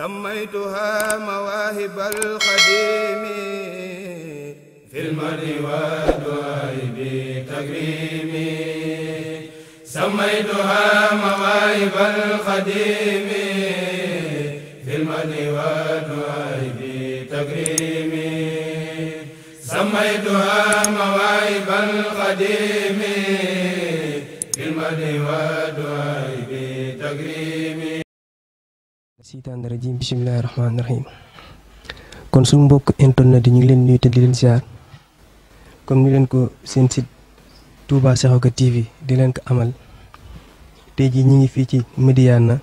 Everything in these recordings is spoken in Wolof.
سميتها مواهب القديم في المرء والدعاء بتكريم سميتها مواهب القديم في المرء والدعاء بتكريم سميتها مواهب القديم في المرء والدعاء بتكريم seytaan rajim bisimilahi rahmaani rahim kon suñu mbokk internet yi ñu leen nuyu te di leen Kon comme ni leen ko seen site Touba Sekhawgui TV di leen ko amal tey jii ñu ngi fii ci Madiyana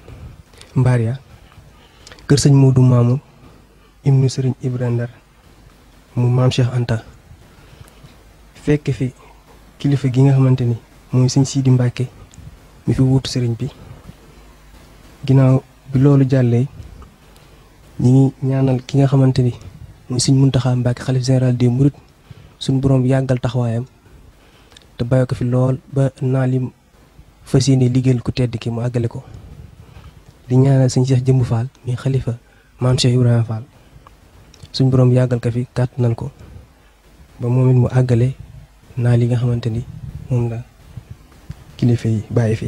Mbaria ya. kër sëñ Modou Mamoun ibnu sëriñ Ibra Dar mu maam Cheikh Anta fekk fi kilifa gi nga xamante ni mooy Sidi Mbàkke mi fi wut bi loolu jàllee ñi ngi ñaanal ki nga xamante ni muy sëñ Muntaxa Mbàkke xalif général des Mourides suñ borom yàggal taxawaayam te bàyyi ko fi lool ba naa lim fas yéene liggéeyal ku tedd ki mu àggale ko di ñaanal sëñ Cheikh Jëmb Fall muy xalifa maam Cheikh Ibrahima Fall suñ borom yàggal ko fi nal ko ba moom it mu àggale naa li nga xamante ni moom la kilifa yi bàyyi fi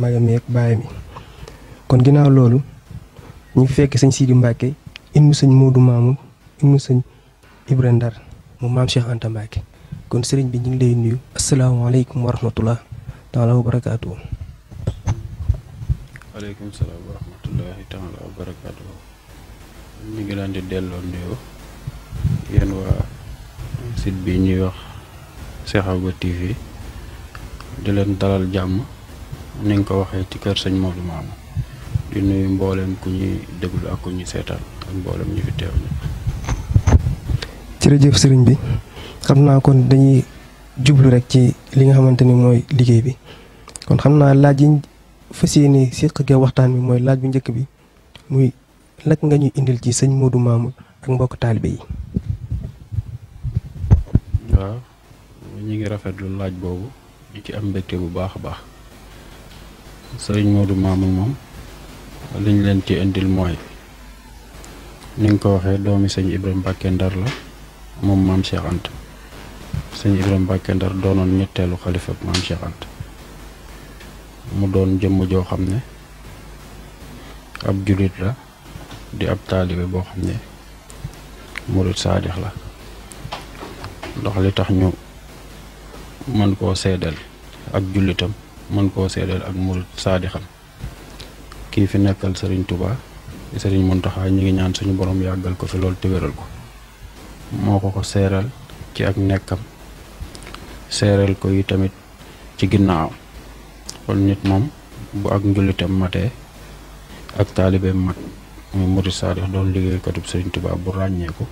magam yeeg bàyyi mi kon ginaaw loolu ñu fekk sëñ Sidi Mbacke ibnu sëñ Modou Mamoun ibnu sëñ ibrahim dar mu mam Cheikh Anta Mbacke kon sëriñ bi ñu ngi lay nuyu assalamu alaykum wa rahmatullah taala wa barakatuh alaykum salaam wa rahmatullahi taala wa barakatuh ñi ngi leen di delloo nuyoo yéen waa site bi ñuy wax Sekhawgui TV di len dalal jamm ni ko waxe ci kër señ Modou mamou di nuyu mboolem ku ñuy déglu ak ku ñuy seetaan ak mboolem ñu fi teew. jërëjëf sëriñ bi xam naa kon dañuy jublu rek ci li nga xamante ni mooy liggéey bi kon xam naa laaj yi fas ni seq ge waxtaan bi mooy laaj bu njëkk bi muy lak nga ñuy indil ci sëñ moodu Mamoune ak mbokk taalibe yi. waaw ñu ngi rafetlu laaj boobu ñu ci am mbégte bu baax a baax sëriñ Modou Mamoune moom. liñ leen ci indil mooy ni nga ko waxee doomi sëñ Ibrahima Mbacke Ndar la moom maam Cheikh Anta sëñ Ibrahima Ndar doonoon ñetteelu xalifa maam Cheikh mu doon jëmm joo xam ne ab jullit la di ab taalibe boo xam ne murit saadix la ndax li tax ñu mën koo seedal ak jullitam mën koo seedal ak murit saadixam kii fi nekkal Serigne Touba Serigne Mountakha ñu ngi ñaan suñu borom yàggal ko fi loolu te ko moo ko ko seeral ci ak nekkam seeral ko yi tamit ci ginnaaw kon nit moom bu ak njullitam matee ak taalibeem mat muy murid saadix doon liggéeykatub Serigne tubaa bu ràññeeku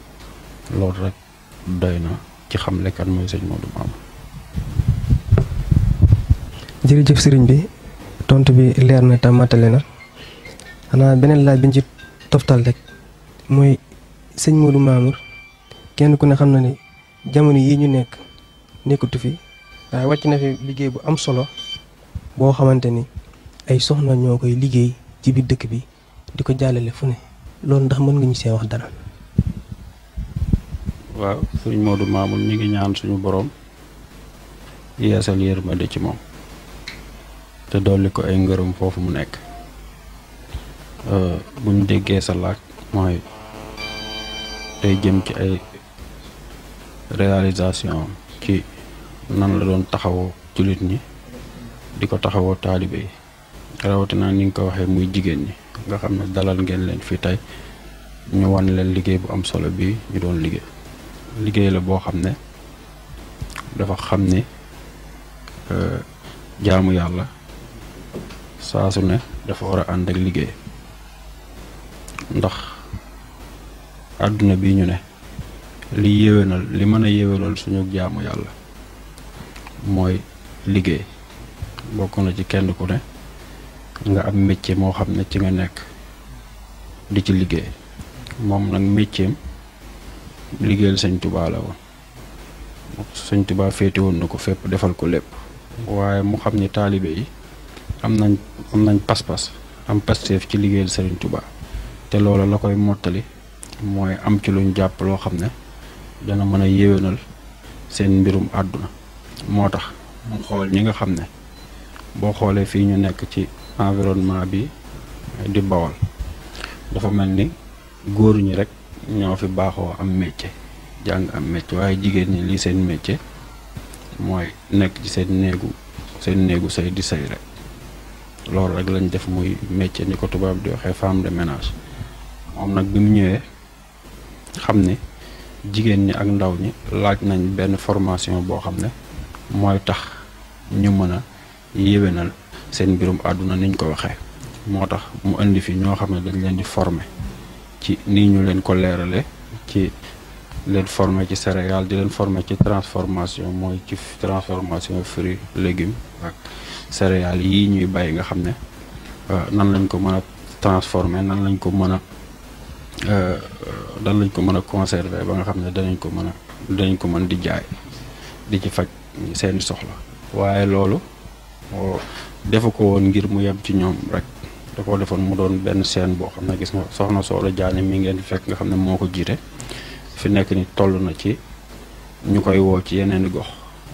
loolu rek doy na ci xam kan mooy sëñ Modou sëriñ bi tontu bi leer na te xanaa beneen laaj bi ci toftal rek mooy sëñ Modou Mamour kenn ku ne xam na ni jamono yii ñu nekk nekkatu fi waaye wàcc na fi liggéey bu am solo boo xamante ni ay soxna ñoo koy liggéey ci biir dëkk bi di ko jàllale fu ne loolu ndax mën nga ñu see wax dara. waaw sëñ Modou Mamour ñu ngi ñaan suñu borom yeesal yërmande ci moom te dolli ko ay ngërëm foofu mu nekk. Euh, bu ñu déggee sa laaj mooy day jëm ci ay réalisation ci nan la doon taxawoo jullit ñi di ko taxawoo taalibe yi rawatina ni nga ko waxee muy jigéen ñi nga xam ne dalal ngeen leen fii tey ñu wan leen liggéey bu am solo bii ñu doon liggéey liggéey la boo xam ne dafa xam ni euh, jaamu yàlla saasu su ne dafa war a ànd ak liggéey ndax àdduna bi ñu ne li yéwénal li mën a yéwénal suñu jaamu yàlla mooy liggéey bokk na ci kenn ku ne nga am métier moo xam ne ci nga nekk di ci liggéey moom nag métieram liggéeyal sëñ tubaa la woon sëñ tubaa féete woon na ko fépp defal ko lépp waaye mu xam ni taalibe yi am nañ am nañ pas-pas am pasteef ci liggéeyal sëriñ tubaa te loola la koy mottali mooy am ci luñ jàpp loo xam ne dana mën a yéwénal seen mbirum àdduna moo tax mu xool ñi nga xam ne boo xoolee fii ñu nekk ci environnement bi di bawal dafa mel ni góor ñi rek ñoo fi baaxoo am métier jàng am métier waaye jigéen ñi lii seen métier mooy nekk ci seen néegu seen néegu say di say rek loolu rek lañ def muy métier ni ko tubaab di waxee femme de ménage am nak bimu ñëwé xamné jigéen ñi ak ndaw ñi laaj nañ benn formation bo xamné moy tax ñu mëna a yéwénal seen birum aduna niñ ko waxé motax mu andi fi ño xamné dañ leen di former ci ni ñu leen ko léralé ci leen former ci céréales di leen former ci transformation moy ci transformation fruit légume ak céréales yi ñuy bay nga xamné euh, nan lañ ko mëna transformer nan lañ ko mëna dan euh, euh, lañ ko mën a conserver ba nga xam ne danañ ko mën a danañ ko mën di jaay di ci faj seeni soxla waaye loolu oh, defu ko woon ngir mu yem ci ñoom rek da koo defoon mu doon benn seen boo xam ne gis nga soxna Soxna Diané mi ngeen di fekk nga xam ne moo ko jiite fi nekk ni toll na ci ñu koy woo ci yeneen gox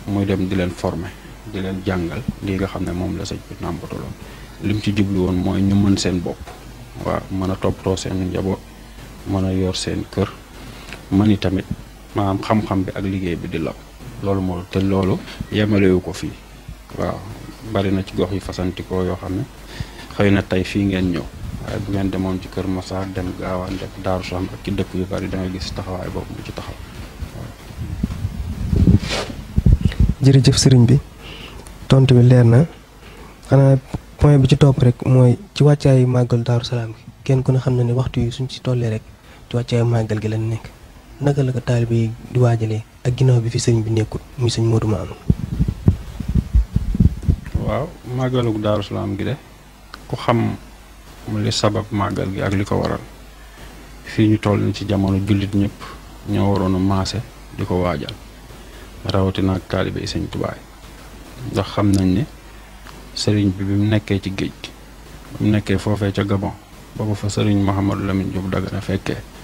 muy dem di leen former di leen jàngal lii nga xam ne moom la sëñ bi nàmbataloon lim ci jublu woon mooy ñu mën seen bopp waaw mën a toppatoo seen njaboot mëna yor seen kër man i ma am xam-xam bi ak liggéey bi di law loolu mo te loolu yemalewu ko fi waaw bari na ci gox yi fasantikoo yoo xam ne na tay fii ngeen ñëw waaye bu ngeen demoon ci kër massa dem gaawaan def Daaru sam ak ci dëkk yu bari da nga gis taxawaay boobu mu ci taxaw jërëjëf sëriñ bi tontu bi leer na xanaa point bi ci topp rek mooy ci wàccaayu màggal Daaru Salaam gi ku ne xam na ne waxtu yi suñ ci tollee rek ci wàccaayu màggal gi lañ nekk naka la ko taalibe di waajale ak ginnaaw bi fi sëñ bi nekkul muy sëñ Modou Mamoune. waaw màggalu Daaru gi de xam li sabab màggal gi ak li ko waral fii ñu ci jamono jullit ñëpp ñoo waroon a maase di ko waajal rawatina ak xam nañ ne sëriñ bi bi mu nekkee ci géej gi. mu nekkee foofee ca Gabon ba ko fa sëriñ Mouhamadou Lamine Diop Dagana fekkee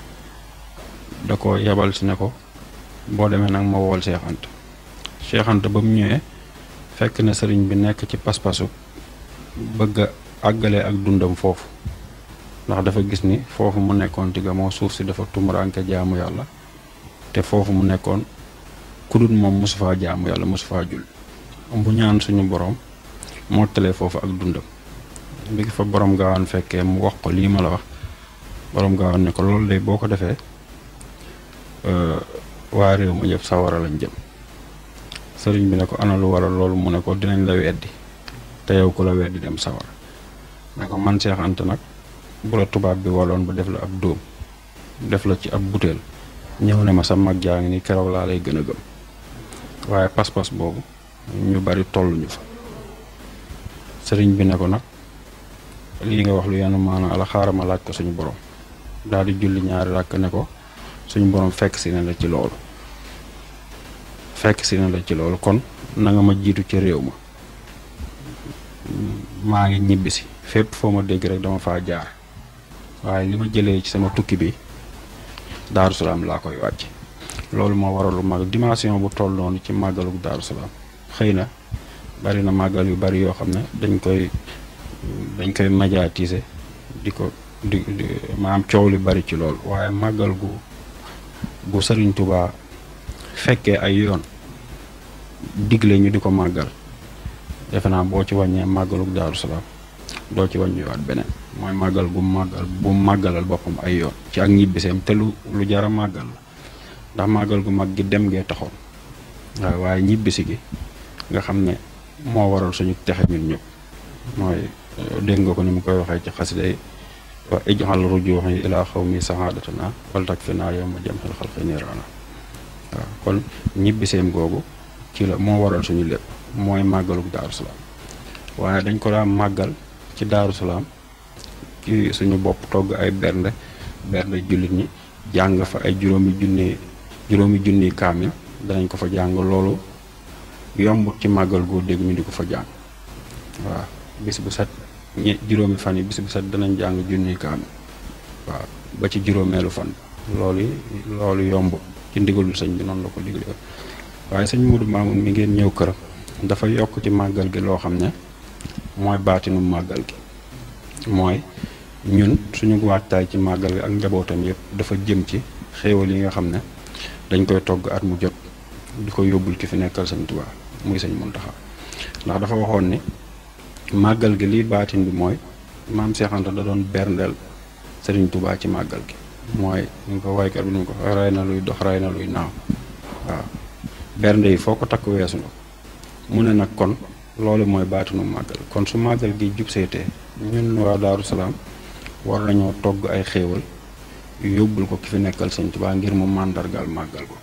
da ko yebal si ne ko boo demee nag ma wool Cheikh Anta ba mu ñëwee fekk na sëriñ bi nekk ci pas bëgg a àggale ak dundam foofu ndax dafa gis ni foofu mu nekkoon digga moo suuf si dafa tumuranke jaamu yàlla te foofu mu nekkoon kudut moom mosu faa jaamu yàlla mosu faa jul bu ñaan suñu borom moo tëlee foofu ak dundam bi fa borom gaawaan fekkee mu wax ko lii ma la wax borom gaawaan ne ko loolu de boo ko defee Euh, waa réew ma yëpp sawara lañ jëm sëriñ bi ne ko ana lu waral loolu mu ne ko dinañ la weddi te yow ko la weddi dem sawara ne ko man Seex nag bu la tubaab bi waloon ba def la ab dóom def la ci ab butéel ñëw ne ma sa mag jaa ngi ni keroog laa lay gën a gëm waaye pas-pas boobu ñu bari tolluñu fa sëriñ bi ne ko nag lii nga wax lu yenn maana ala ma laaj ko suñu borom daal di julli ñaari ràkk ne ko suñu borom fekk si na la ci loolu fekk si na la ci loolu kon na nga ma jiitu ci réew ma maa ngi ñibbisi fépp foo ma dégg rek dama faa jaar waaye li ma jëlee ci sama tukki bi Daaru Salaam laa koy wàcc loolu moo waralu mag dimension bu toll noonu ci màggalug Daaru Salaam xëy na bari na màggal yu bari yoo xam ne dañ koy dañ koy médiatiser di ko di maanaam coow li bari ci lool waaye màggal gu bu Sëriñ Tubaa fekkee ay yoon digle ñu di ko màggal defe naa boo ci wàññee màggaluk Daaru Salaam doo ci wàññiwaat beneen mooy màggal bu màggal bu màggalal boppam ay yoon ci ak ñibbiseem te lu lu jara màggal la ndax màggal gu mag gi dem gee taxoon waaw waaye ñibbisi gi nga xam ne moo waral suñu texe ñun ñëpp mooy dégg nga ko ni mu koy waxee ci xasida wa ij'al rujuhi ila khawmi sa'adatuna wal tak yawma jam'il khalqi nirana kon ñibbiseem gogu ci la mo waral suñu lepp moy magaluk daru salam waye dañ ko daan magal ci daru salam ci suñu bop togg ay bernde bernde julit ñi jang fa ay juróomi junne juróomi junne kamil dañ ko fa jang lolu yomb ci magal go deg ñu diko fa jang waaw bis bu set ñett juróomi fan yi bis bu set danañ jàng junni kaamil waaw ba ci juróomeelu fan loolu loolu yomb ci ndigalul sëñ bi noonu la ko digle waaye sëñ mudu Mamoun mi ngeen ñëw këram dafa yokk ci màggal gi loo xam ne mooy baatinu màggal gi mooy ñun suñu waajtaay ci màggal gi ak njabootam yëpp dafa jëm ci xéewal yi nga xam ne dañ koy togg at mu jot di ko yóbbul ki fi nekkal sëñ Tuubaa muy sëñ Muntaxa ndax dafa waxoon ni màggal gi lii baatin bi mooy maam Cheikh Anta da doon berndeel Serigne tubaa ci màggal gi mooy ñu ko waykat bi ñu ko rey na luy dox rey na luy naaw bernde yi foo ko takk weesu na mu ne nag kon loolu mooy baatinu màggal kon su màggal gi jub seetee ñun waa Daaru Salaam war nañoo togg ay xéewal yóbbul ko ki fi nekkal sëñ tubaa ngir mu màndargal màggal ko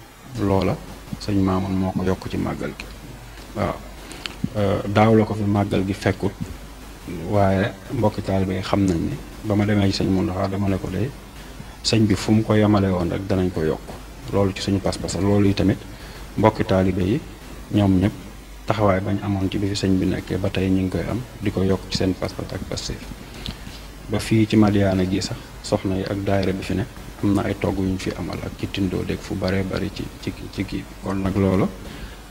loola sëñ Maamoon moo ko yokk ci màggal gi waaw Euh, daaw la ko fi màggal gi fekkut waaye mbokki taalibe yi xam nañ ne ba ma demee ci sëñ Mountakha dama ne ko de sëñ bi fu mu ko yemale woon rek danañ ko yokk loolu ci suñu pas-pas loolu yi tamit mbokki taalibe yi ñoom ñëpp taxawaay bañ amoon ci bi fi sëñ bi nekkee ba tey ñu ngi koy am di ko yokk ci seen pas-pas ak pastéef ba fii ci Madiyaana gi sax soxna yi ak daayira bi fi ne am na ay togg yu fi amal ak ci tindoo dégg fu bare bari ci ci ci kii kon nag loolu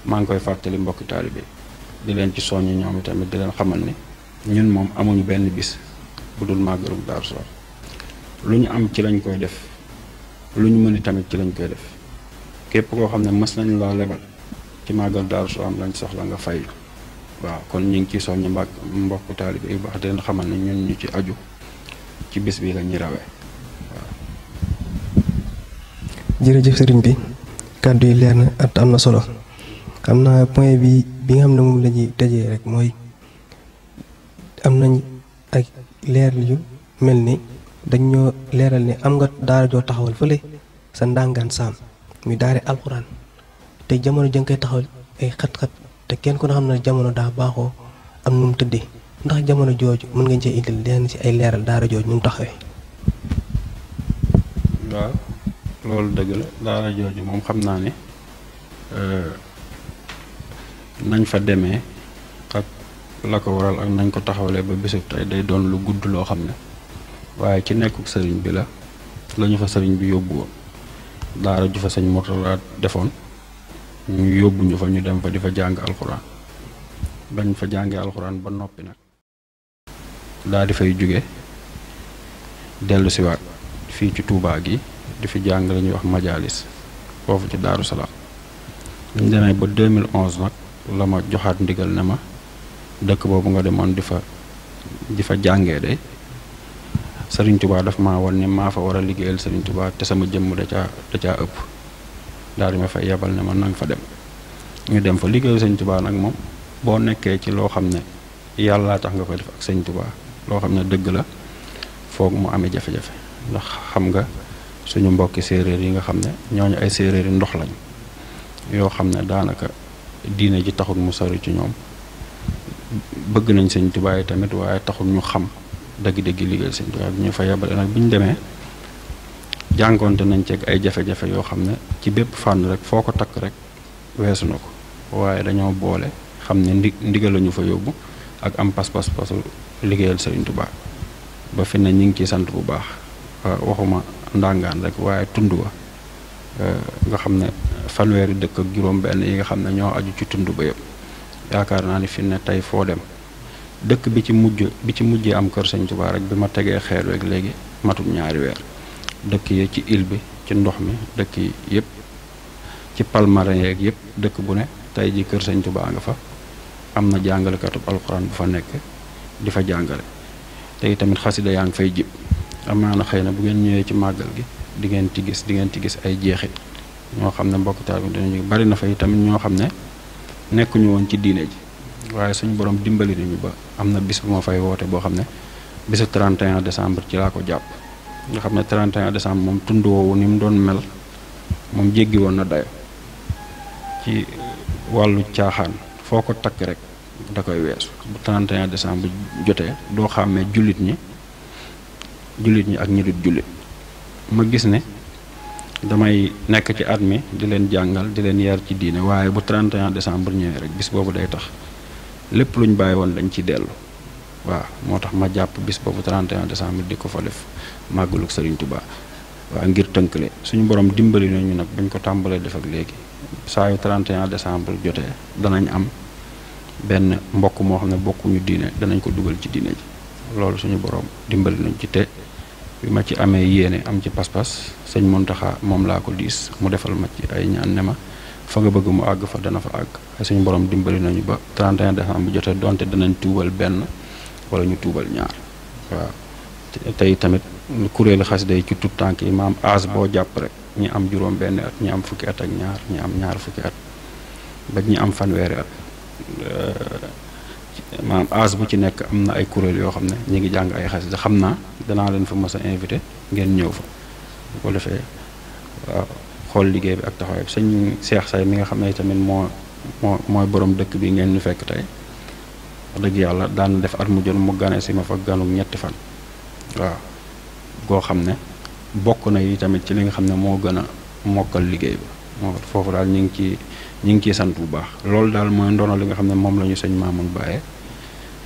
maa ngi koy fàttali mbokki taalibe di len ci soñu ñoom tamit di len xamal ni ñun mom amuñu benn bis bu dul màggarum Daaru Salaam lu ñu am ci lañ koy def luñu mëni tamit ci lañ koy def képp ko xamne mas nañ la lebal ci dar so am lañ soxla nga fay wa kon ñing ci soñu mbak mbokk taalibe yu di xamal ni ñun ñu ci aju ci bis bi lañ ñuy rawee waaw. jërëjëf sëriñ bi kaddu yi leer na at amna solo amna point bi. bi nga xam ne moom la ñuy tëjee rek mooy am nañ ak leer yu mel ni dañ ñoo leeral ne am nga daara joo taxawal fële sa ndàngaan saam muy daare alxuraan te jamono jën koy taxawal ay xat-xat te kenn ku ne xam ne jamono daa baaxoo am nu mu tëddee ndax jamono jooju mën nga cee indil leen ci ay leeral daara jooju nu mu taxawee. waaw loolu dëgg la daara jooju moom xam naa ne. Euh, nañ fa démé ak la ko waral ak nañ ko taxawlé ba bisub tay day doon lu gudd lo xamné waye ci nekkuk sëriñ bi la lañu fa sëriñ bi yobbu woon daara ju fa sëñ motala defoon ñu yobbu ñu fa ñu dem fa di jàng alquran bañ fa jàngé alquran ba noppi nag daa di fay delu ci waat fi ci touba gi di fi jàng lañu wax majalis fofu ci daaru salaam ñu démé ba 2011 nak la ma joxaat ndigal ne ma dëkk boobu nga demoon di fa di fa jàngee de sëriñ tubaa dafa ma woon ne maa fa war a liggéeyal Serigne Touba te sama jëmm da caa da caa ëpp daal di ma fa yebal ne ma nanga fa dem ñu dem fa liggéeyal Serigne Touba nag moom boo nekkee ci loo xam ne yàlla tax nga koy def ak Serigne Touba loo xam ne dëgg la foog mu amee jafe-jafe ndax xam nga suñu mbokki séeréer yi nga xam ne ñooñu ay séeréer ndox lañ yoo xam ne daanaka. diine ji taxul mu sori ci ñoom bëgg nañ sëñ Tuubaa tamit waaye taxul ñu xam dëgg-dëgg liggéey sëñ Tuubaa bi ñu fa yebale nag bi ñu demee jàngoonte nañ ceeg ay jafe-jafe yoo xam ne ci bépp fànn rek foo ko takk rek weesu na ko waaye dañoo boole xam ne ndi ndigal lañu fa yóbbu ak am pas-pas pasu liggéeyal sëñ Tuubaa ba fi ne ñu ngi ciy sant bu baax waxuma ndàngaan rek waaye tund wa eh, nga xam ne fanweri dekk ak juroom benn yi nga xam ne ñoo aju ci tund ba yëpp yaakaar naa ni fi ne tey foo dem dëkk bi ci mujj bi ci mujjee am kër sëñ Tuubaa rek bi ma tegee xeer rek léegi matul ñaari weer dëkk yi ci île bi ci ndox mi dëkk yi yëpp ci palmarin yeeg yëpp dëkk bu ne tey ji kër sëñ Tuubaa nga fa am na jàngalekatub alquran bu fa nekk di fa jàngale tay tamit xasida yaa ngi fay jib amaana xëy na bu ngeen ñëwee ci màggal gi di ngeen ci gis di ngeen ci gis ay jeexit ñoo xam ne mbokk taalibe dañu bari na fa itam ñoo xam ne nekkuñu woon ci diine ji waaye suñu borom dimbali nañu ba am na bis bu ma fay woote boo xam ne bisu 31 décembre ci laa ko jàpp nga xam ne 31 décembre moom tund woowu ni mu doon mel moom jéggi woon na dayo ci wàllu caaxaan foo ko takk rek da koy weesu bu 31 décembre jotee doo xàmmee julit ñi julit ñi ak ñi dut julit ma gis ne damay nek ci at di len jangal di len yar ci diine waye bu 31 décembre ñëw rek bis bobu day tax lepp luñ bàyyi woon dañ ci delu wa motax ma japp bis bobu 31 décembre diko fa def màggalug Serigne Touba wa ngir tënkale suñu borom dimbali ñu nak buñ ko tambalé def ak légui sa yu 31 décembre jotee danañ am ben mbokk mo xam bokku ñu diine danañ ko duggal ci diine ji lolu suñu borom dimbali nañ ci té bi ma ci amee yéene am ci pas-pas sëñ Muntaxa moom laa ko diis mu defal ma ci ay ñaan ne ma fa nga bëgg mu àgg fa dana fa àgg ay suñu borom dimbali nañu ba 31 décembre bu jotee donte danañ tuubal benn wala ñu tuubal ñaar waaw tey tamit kuréelu xasida day ci tout tànk yi maam aas boo jàpp rek ñi am juróom benn at ñi am fukki at ak ñaar ñi am ñaar fukki at ba ñi am fanweeri at maanaam âge bu ci nekk am na ay kuréel yoo xam ne ñu ngi jàng ay xasida xam naa danaa leen fa mos a invité ngeen ñëw fa bu ko defee xool liggéey bi ak taxawaay sañ sëñ Seex Say mi nga xam ne tamit moo moo mooy boroom dëkk bi ngeen ñu fekk tey wax dëgg yàlla daan def at mu jot mu gane si ma fa ganu ñetti fan waaw goo xam ne bokk na yi tamit ci li nga xam ne moo gën a mokkal liggéey bi foofu daal ñu ngi ci ñi ngi ciy sant bu baax loolu daal mooy ndono li nga xam ne moom la ñu sëñ Mamoun Baye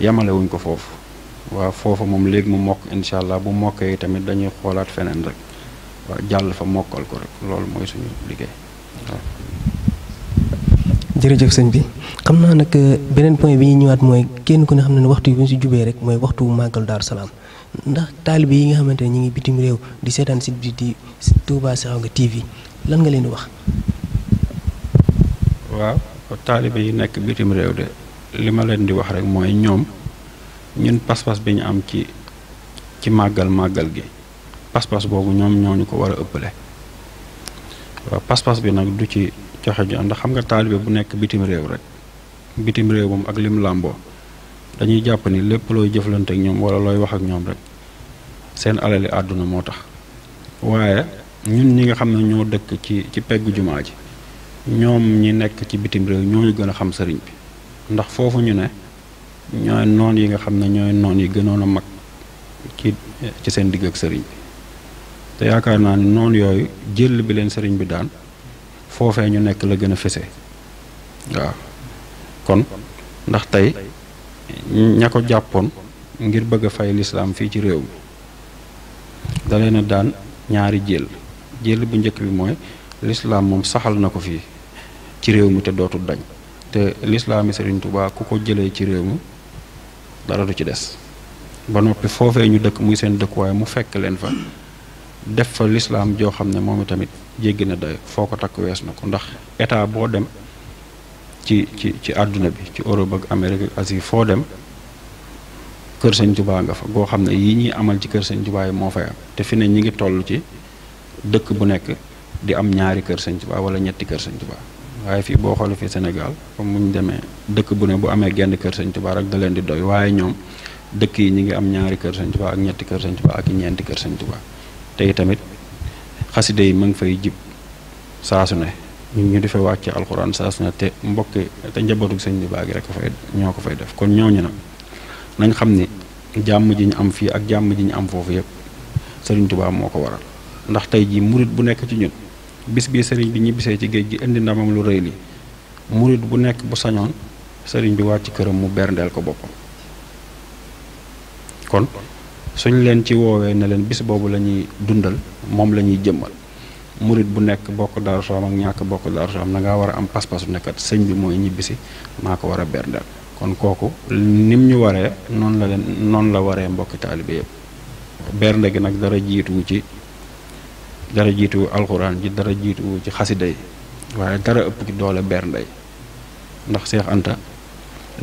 yamale wuñ ko foofu foofu moom léegi mu mokk incha allah bu mokkee tamit dañuy xoolaat feneen rek waaw jàll fa mokkal ko rek loolu mooy suñu liggéey jërëjëf sëñ bi xam naa nag euh, beneen point bi ñuy ñëwaat mooy kenn ku ne xam ne waxtu yi bu ñu si jubee rek mooy waxtu màggal daaru salaam ndax taalibe yi nga xamante ne ñu ngi bitim réew di seetaan si bi di Touba nga TV lan nga leen di wax. waaw taalibe yi nekk bitim réew de li ma leen di wax rek mooy ñoom ñun pas-pas bi ñu am ci ci màggal màggal gi pas-pas boobu ñoom ñoo ñu ko war a ëppale waaw pas-pas bi nag du ci joxe ju ndax xam nga taalibe bu nekk bitim réew rek bitim réew moom ak lim làmboo dañuy jàpp ni lépp looy jëflante ak ñoom wala looy wax ak ñoom rek seen alali àdduna moo tax waaye ñun ñi nga xam ne ñoo dëkk ci ci peggu jumaa ji ñom ñi nekk ci bitim rew ñooñu gën a xam sëriñ bi ndax fofu ñu ne ñoy non yi nga xam ne ñoy non yi gënoon a mag ci ci seen digg ak sëriñ bi te yaakaar naa ne noonu yooyu jël bi leen sëriñ bi daan foofee ñu nekk la gën a fese waaw kon ndax tey ña ko jàppoon ngir bëgg a fay lislaam fii ci réew mi da leen a daan ñaari jël jël bu njëkk bi mooy lislaam moom saxal na ko fii ci réew mi te dootul dañ te yi Serigne Touba ku ko jëlee ci réew mi dara du ci des ba noppi foofee ñu dëkk muy seen dëkkuwaay mu fekk leen fa def fa l'islam joo xam ne moom tamit jéggi na day foo ko takk wees na ko ndax état boo dem ci ci ci àdduna bi ci Europe ak Amérique ak Asie foo dem kër Sëñ Tuubaa nga fa goo xam ne yii ñuy amal ci kër Sëñ Tuubaa yi moo fay am te fi ne ñi ngi toll ci dëkk bu nekk di am ñaari kër Sëñ Tuubaa wala ñetti kër Sëñ Tuubaa waye fi bo xol fi senegal comme muñ démé dëkk bu né bu amé genn kër Sëñ touba rek da leen di doy waye ñom dëkk yi ñi ngi am ñaari kër Sëñ touba ak ñetti kër Sëñ touba ak ñenti kër Sëñ touba tay tamit xaside yi ma ngi fay jib saasu ne ñu ñu defee wacc alcorane saasu ne te mbokk te njabotuk Sëñ touba gi rek fay ñoko fay def kon ñooñu nag nañ xamni jamm ji ñu am fi ak jamm ji ñu am fofu yépp Sëriñ touba moko waral ndax tay ji mourid bu nekk ci ñun bis bi sëriñ bi ñibisé ci géej gi andi ndamam lu rëy li murit bu nekk bu sañoon sëriñ bi wàcc këram mu berndeel ko boppam kon suñ leen ci woowee ne leen bis boobu la dundal moom la ñuy jëmmal murit bu nekk bokk daaru soom ak ñàkk bokk soom na ngaa war am pas-pasu nekkat sëñ bi mooy ñibisi maa ko war a berndeel kon kooku nim ñu waree noonu la leen noonu la waree mbokki taalibe yëpp bernde gi nag dara jiitu ci dara jitu alquran ji dara jitu ci xasida yi dara ëpp ci doole nday ndax cheikh anta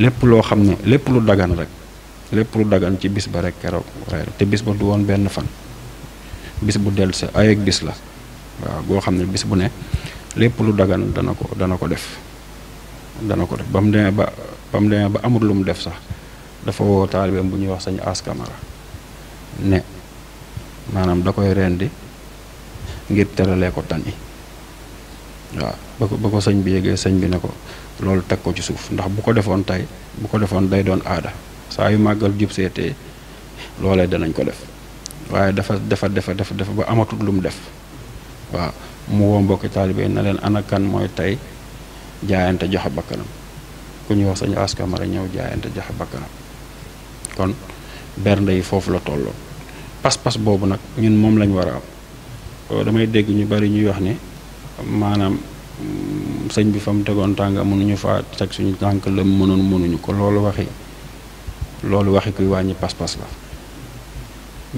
lepp lo xamne lepp lu dagan rek lepp lu dagan ci bis ba rek keroog waye te bis ba du won ben fan bis bu del sa ay ak bis la wa go xamne bis bu ne lepp lu dagan dana ko dana ko def dana ko def bam ba bam ba amul lu mu def sax dafa wo talibem bu ñuy wax sañ askamara ne manam da koy rendi ngir teralee ya, ko tan yi waaw ba ko ba ko sëñ bi yegee sëñ bi ne ko loolu teg ko ci suuf ndax bu ko defoon tay bu ko defoon day doon aada sa yu màggal jub seetee loolee danañ ko def waaye dafa dafa dafa dafa dafa ba amatu lu mu def wa mu wo mbok talibé na len ana kan moy tay jaayante jox bakkanam ku ñu wax sañu askamara ñew jaayante jox bakkanam kon bernde yi foofu la tollo pas-pas bobu nak ñun mom lañ wara Euh, damay dégg ñu bari ñuy wax ne maanaam mm, sëñ bi fam mu tegoon tànga mënuñu fa teg suñu tànk la mënoon mënuñu ko loolu waxi loolu waxi kuy wàññi pas-pas la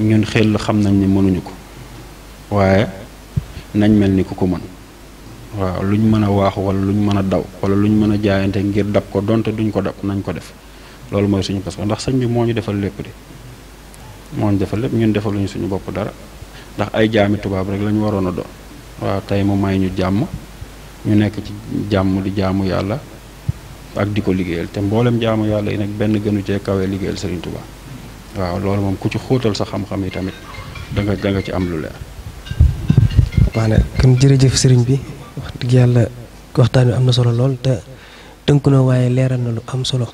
ñun xel xam nañ ne mënuñu ko waaye nañ mel ni ku ko mën waaw luñ mën a waaxu wala luñ mën a daw wala luñ mën a jaayante ngir dab ko donte duñ ko dab nañ ko def loolu mooy suñu pas-pas ndax sëñ bi moo ñu defal lépp de moo ñu defal lépp ñun defaluñu suñu bopp dara ndax ay jaami tubaab rek lañu waroon a doon waaw tey mu may ñu jàmm ñu nekk ci jàmm di jaamu yàlla ak di ko liggéeyal te mboolem jaamu yàlla yi nag benn gënu cee kawee liggéeyal Serigne Touba waaw loolu moom ku ci xóotal sa xam-xam yi tamit da danga ci am lu leer. maanaam kon jërëjëf sëriñ bi wax yàlla waxtaan wi am na solo lool te tënk na waaye leeral na lu am solo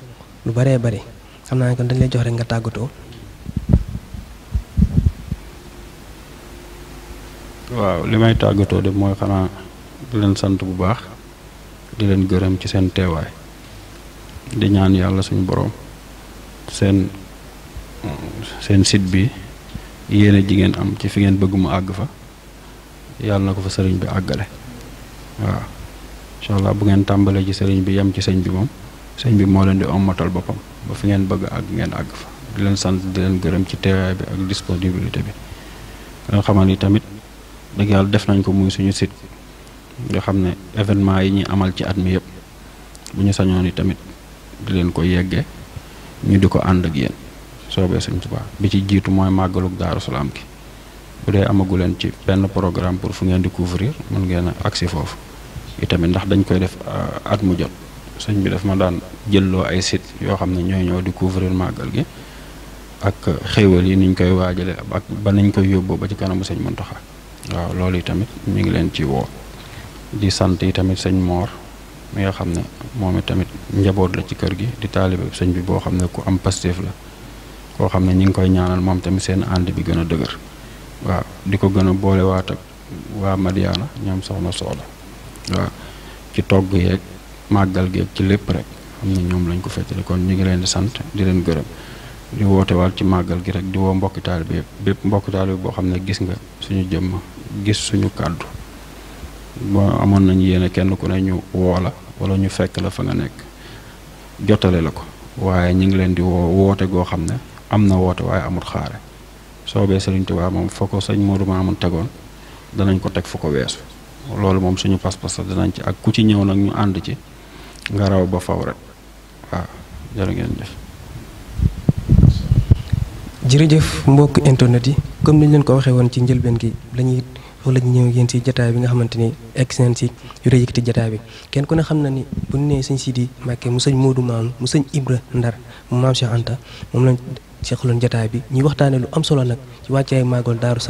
lu baree bari xam naa kon dañ lay jox rek nga tàggatoo. waaw li may tàggatoo de mooy xanaa di leen sant bu baax di leen gërëm ci seen teewaay di ñaan yàlla suñu boroom seen seen site bi yéene ji am ci fi ngeen bëgg mu àgg fa yàlla na ko fa sëriñ bi àggale waaw incha allah bu ngeen tàmbalee ci sëriñ bi yem ci sëñ bi moom sëñ bi moo leen di ommatal boppam ba fi ngeen bëgg ak ngeen àgg fa di leen sant di leen gërëm ci teewaay bi ak disponibilité bi nga xamal ni tamit dëgg yalla def nañ ko muy suñu site nga xam événement yi ñi amal ci at mi yëpp bu ñu sañoon ni tamit di leen ko yegge ñu diko ko ak yeen soobee señ tuba bi ci jitu moy magaluk daru salam ki bu dé amagu leen ci ben programme pour fu ngeen di couvrir mën ngeen a fofu yi tamit ndax dañ koy def euh, at mu jot señ bi daf ma daan lo ay site yo xam ñoy ñoo di couvrir màggal gi ak xewal yi niñ koy wajale ak ba niñ koy yobbo ba ci kanamu sëñ Muntaxa waaw loolu yi tamit ñu ngi leen ci woo di sant yi tamit sëñ Moor mi nga xam ne moom it tamit njaboot la ci kër gi di taalibe sëñ bi boo xam ne ku am pastéef la koo xam ne ñu ngi koy ñaanal moom tamit seen ànd bi gën a dëgër waaw di ko gën a boole waat ak waa Madiana ñoom soxna Soxla waaw ci togg yeeg màggal geeg ci lépp rek xam ne ñoom lañ ko fettali kon ñu ngi leen di sant di leen gërëm di woote waat ci màggal gi rek di woo mbokki taalibe yëpp bépp boo xam ne gis nga suñu jëmm gis suñu kàddu ba amoon nañu yéene kenn ku ne ñu woola la wala ñu fekk la fa nga nekk jotale la ko waaye ñu ngi leen di woo woote goo xam ne am na woote waaye amul xaare soobee Sëriñ Tuubaa moom foo ko sëñ Modou Mamoun tegoon danañ ko teg fu ko weesu loolu moom suñu pas-pas danañ ci ak ku ci ñëw nag ñu ànd ci nga raw ba faw rek waaw jërë jëf. mbokk internet yi comme niñ leen ko waxee woon ci njëlbeen gi lañuy wala ñu ñëw ngeen si jataay bi nga xamante ni egg seen si yu rëy yëkkati jataay bi kenn ku ne xam na ni bu ñu nee sëñ Sidi Mbàkke mu sëñ Moodu Maam mu sëñ Ibra Ndar mu maam Cheikh Anta moom lañ seqaloon jataay bi ñuy waxtaanee lu am solo nag ci wàccaay Magal Daaru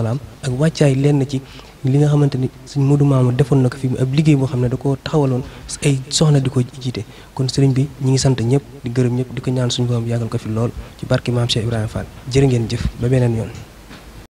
ak wàccaay lenn ci li nga xamante ni sëñ Moodu Maam defoon na ko fi ab liggéey boo xam ne da koo taxawaloon ay soxna di ko jiite kon sëriñ bi ñi ngi sant ñëpp di gërëm ñëpp di ko ñaan suñ borom yàggal ko fi lool ci barke maam Cheikh Ibrahima Fall jërë ngeen jëf ba beneen yoon